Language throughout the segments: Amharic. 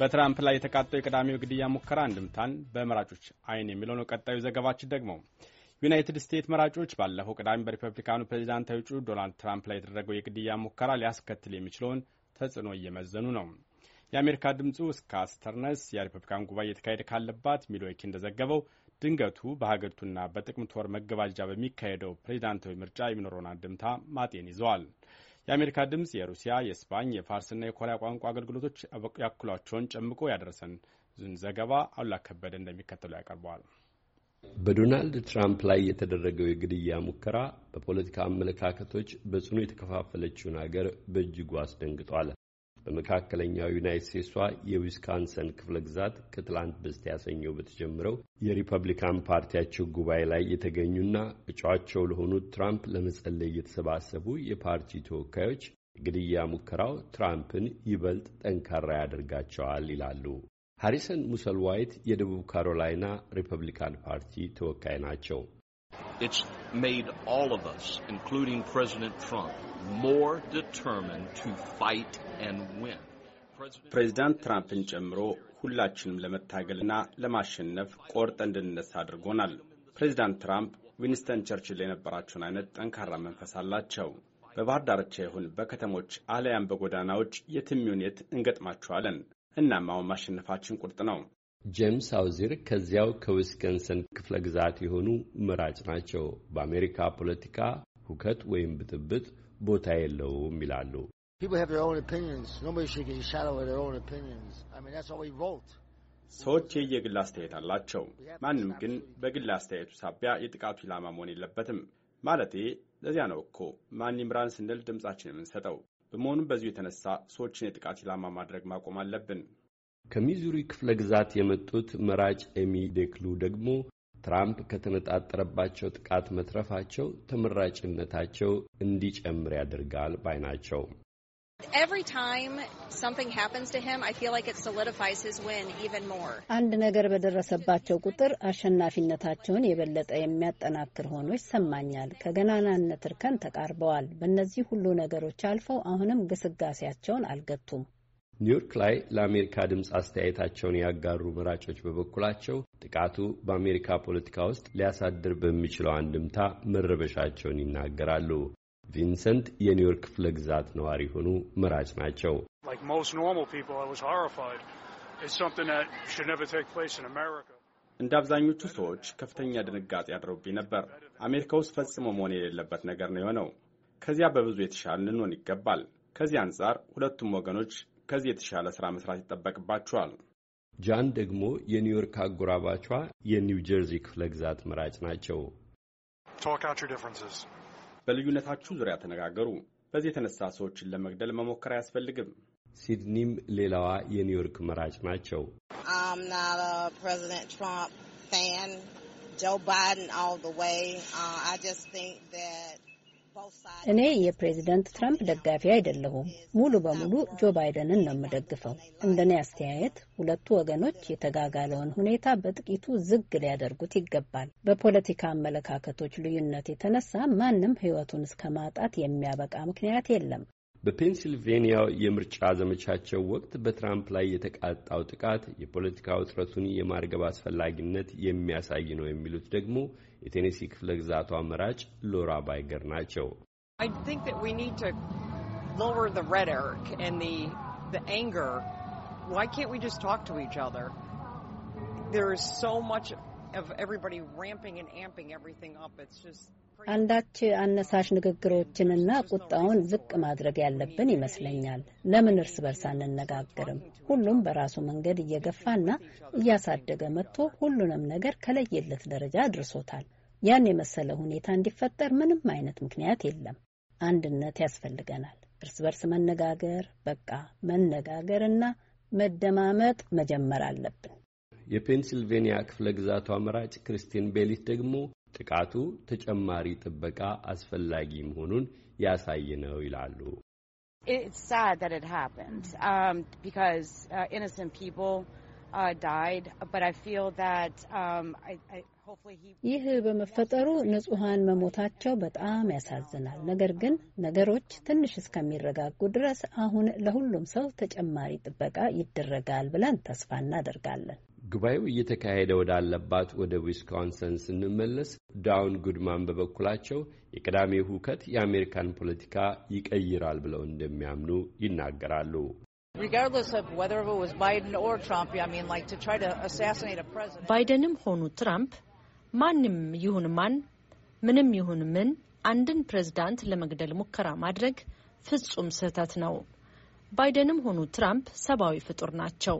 በትራምፕ ላይ የተቃጠው የቅዳሜው ግድያ ሙከራ አንድምታን በመራጮች አይን የሚለው ነው ቀጣዩ ዘገባችን ደግሞ ዩናይትድ ስቴትስ መራጮች ባለፈው ቅዳሜ በሪፐብሊካኑ ፕሬዚዳንታዊ እጩ ዶናልድ ትራምፕ ላይ የተደረገው የግድያ ሙከራ ሊያስከትል የሚችለውን ተጽዕኖ እየመዘኑ ነው። የአሜሪካ ድምፁ እስከ አስተርነስ የሪፐብሊካን ጉባኤ እየተካሄደ ካለባት ሚልዌኪ እንደዘገበው ድንገቱ በሀገሪቱና በጥቅምት ወር መገባጃ በሚካሄደው ፕሬዚዳንታዊ ምርጫ የሚኖረውን አንድምታ ማጤን ይዘዋል። የአሜሪካ ድምፅ የሩሲያ፣ የስፓኝ፣ የፋርስና የኮሪያ ቋንቋ አገልግሎቶች ያክሏቸውን ጨምቆ ያደረሰን ዘገባ አሉላ ከበደ እንደሚከተለው ያቀርበዋል። በዶናልድ ትራምፕ ላይ የተደረገው የግድያ ሙከራ በፖለቲካ አመለካከቶች በጽኑ የተከፋፈለችውን ሀገር በእጅጉ አስደንግጧል። በመካከለኛው ዩናይት ስቴትሷ የዊስካንሰን ክፍለ ግዛት ከትላንት በስቲያ ሰኞ በተጀምረው የሪፐብሊካን ፓርቲያቸው ጉባኤ ላይ የተገኙና እጩአቸው ለሆኑት ትራምፕ ለመጸለይ የተሰባሰቡ የፓርቲ ተወካዮች ግድያ ሙከራው ትራምፕን ይበልጥ ጠንካራ ያደርጋቸዋል ይላሉ። ሃሪሰን ሙሰልዋይት የደቡብ ካሮላይና ሪፐብሊካን ፓርቲ ተወካይ ናቸው። It's made all of us, including President Trump, more determined to fight and win. ፕሬዚዳንት ትራምፕን ጨምሮ ሁላችንም ለመታገልና ለማሸነፍ ቆርጠ እንድንነሳ አድርጎናል። ፕሬዚዳንት ትራምፕ ዊንስተን ቸርችል የነበራቸውን አይነት ጠንካራ መንፈስ አላቸው። በባህር ዳርቻ ይሁን በከተሞች አለያም በጎዳናዎች የትም ይሁን እንገጥማቸዋለን። እናም አሁን ማሸነፋችን ቁርጥ ነው። ጄምስ አውዚር ከዚያው ከዊስከንሰን ክፍለ ግዛት የሆኑ መራጭ ናቸው። በአሜሪካ ፖለቲካ ሁከት ወይም ብጥብጥ ቦታ የለውም ይላሉ። ሰዎች የየግል አስተያየት አላቸው። ማንም ግን በግል አስተያየቱ ሳቢያ የጥቃቱ ኢላማ መሆን የለበትም። ማለቴ ለዚያ ነው እኮ ማን ይምራን ስንል ድምጻችን የምንሰጠው። በመሆኑም በዚሁ የተነሳ ሰዎችን የጥቃት ኢላማ ማድረግ ማቆም አለብን። ከሚዙሪ ክፍለ ግዛት የመጡት መራጭ ኤሚ ዴክሉ ደግሞ ትራምፕ ከተነጣጠረባቸው ጥቃት መትረፋቸው ተመራጭነታቸው እንዲጨምር ያደርጋል ባይ ናቸው። አንድ ነገር በደረሰባቸው ቁጥር አሸናፊነታቸውን የበለጠ የሚያጠናክር ሆኖ ይሰማኛል። ከገናናነት እርከን ተቃርበዋል። በእነዚህ ሁሉ ነገሮች አልፈው አሁንም ግስጋሴያቸውን አልገቱም። ኒውዮርክ ላይ ለአሜሪካ ድምፅ አስተያየታቸውን ያጋሩ መራጮች በበኩላቸው ጥቃቱ በአሜሪካ ፖለቲካ ውስጥ ሊያሳድር በሚችለው አንድምታ መረበሻቸውን ይናገራሉ። ቪንሰንት የኒውዮርክ ክፍለ ግዛት ነዋሪ የሆኑ መራጭ ናቸው። እንደ አብዛኞቹ ሰዎች ከፍተኛ ድንጋጤ አድሮብኝ ነበር። አሜሪካ ውስጥ ፈጽሞ መሆን የሌለበት ነገር ነው የሆነው። ከዚያ በብዙ የተሻል ልንሆን ይገባል። ከዚህ አንጻር ሁለቱም ወገኖች ከዚህ የተሻለ ስራ መስራት ይጠበቅባቸዋል። ጃን ደግሞ የኒውዮርክ አጎራባቿ የኒው ጀርዚ ክፍለ ግዛት መራጭ ናቸው። በልዩነታችሁ ዙሪያ ተነጋገሩ። በዚህ የተነሳ ሰዎችን ለመግደል መሞከር አያስፈልግም። ሲድኒም ሌላዋ የኒውዮርክ መራጭ ናቸው። እኔ የፕሬዚደንት ትራምፕ ደጋፊ አይደለሁም። ሙሉ በሙሉ ጆ ባይደንን ነው የምደግፈው። እንደኔ አስተያየት ሁለቱ ወገኖች የተጋጋለውን ሁኔታ በጥቂቱ ዝግ ሊያደርጉት ይገባል። በፖለቲካ አመለካከቶች ልዩነት የተነሳ ማንም ሕይወቱን እስከ ማጣት የሚያበቃ ምክንያት የለም። በፔንሲልቬንያው የምርጫ ዘመቻቸው ወቅት በትራምፕ ላይ የተቃጣው ጥቃት የፖለቲካ ውጥረቱን የማርገብ አስፈላጊነት የሚያሳይ ነው የሚሉት ደግሞ የቴኔሲ ክፍለ ግዛቷ መራጭ ሎራ ባይገር ናቸው። of everybody ramping and amping everything up. It's just. አንዳች አነሳሽ ንግግሮችንና ቁጣውን ዝቅ ማድረግ ያለብን ይመስለኛል። ለምን እርስ በርስ አንነጋገርም? ሁሉም በራሱ መንገድ እየገፋና እያሳደገ መጥቶ ሁሉንም ነገር ከለየለት ደረጃ አድርሶታል። ያን የመሰለ ሁኔታ እንዲፈጠር ምንም አይነት ምክንያት የለም። አንድነት ያስፈልገናል። እርስ በርስ መነጋገር፣ በቃ መነጋገር እና መደማመጥ መጀመር አለብን። የፔንሲልቬንያ ክፍለ ግዛቷ መራጭ ክርስቲን ቤሊት ደግሞ ጥቃቱ ተጨማሪ ጥበቃ አስፈላጊ መሆኑን ያሳይ ነው ይላሉ። ይህ በመፈጠሩ ንጹሐን መሞታቸው በጣም ያሳዝናል። ነገር ግን ነገሮች ትንሽ እስከሚረጋጉ ድረስ አሁን ለሁሉም ሰው ተጨማሪ ጥበቃ ይደረጋል ብለን ተስፋ እናደርጋለን። ጉባኤው እየተካሄደ ወዳለባት ወደ ዊስኮንሰን ስንመለስ ዳውን ጉድማን በበኩላቸው የቅዳሜው ሁከት የአሜሪካን ፖለቲካ ይቀይራል ብለው እንደሚያምኑ ይናገራሉ። ባይደንም ሆኑ ትራምፕ ማንም ይሁን ማን ምንም ይሁን ምን አንድን ፕሬዝዳንት ለመግደል ሙከራ ማድረግ ፍጹም ስህተት ነው። ባይደንም ሆኑ ትራምፕ ሰብአዊ ፍጡር ናቸው።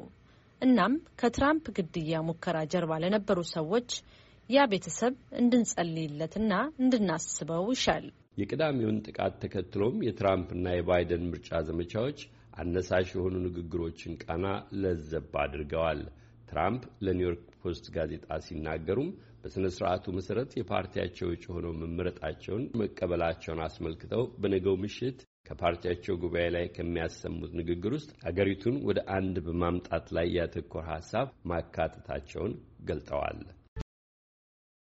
እናም ከትራምፕ ግድያ ሙከራ ጀርባ ለነበሩ ሰዎች ያ ቤተሰብ እንድንጸልይለትና እንድናስበው ይሻል። የቅዳሜውን ጥቃት ተከትሎም የትራምፕና የባይደን ምርጫ ዘመቻዎች አነሳሽ የሆኑ ንግግሮችን ቃና ለዘብ አድርገዋል። ትራምፕ ለኒውዮርክ ፖስት ጋዜጣ ሲናገሩም በሥነ ሥርዓቱ መሠረት የፓርቲያቸው እጩ ሆነው መመረጣቸውን መቀበላቸውን አስመልክተው በነገው ምሽት ከፓርቲያቸው ጉባኤ ላይ ከሚያሰሙት ንግግር ውስጥ አገሪቱን ወደ አንድ በማምጣት ላይ ያተኮረ ሀሳብ ማካተታቸውን ገልጠዋል።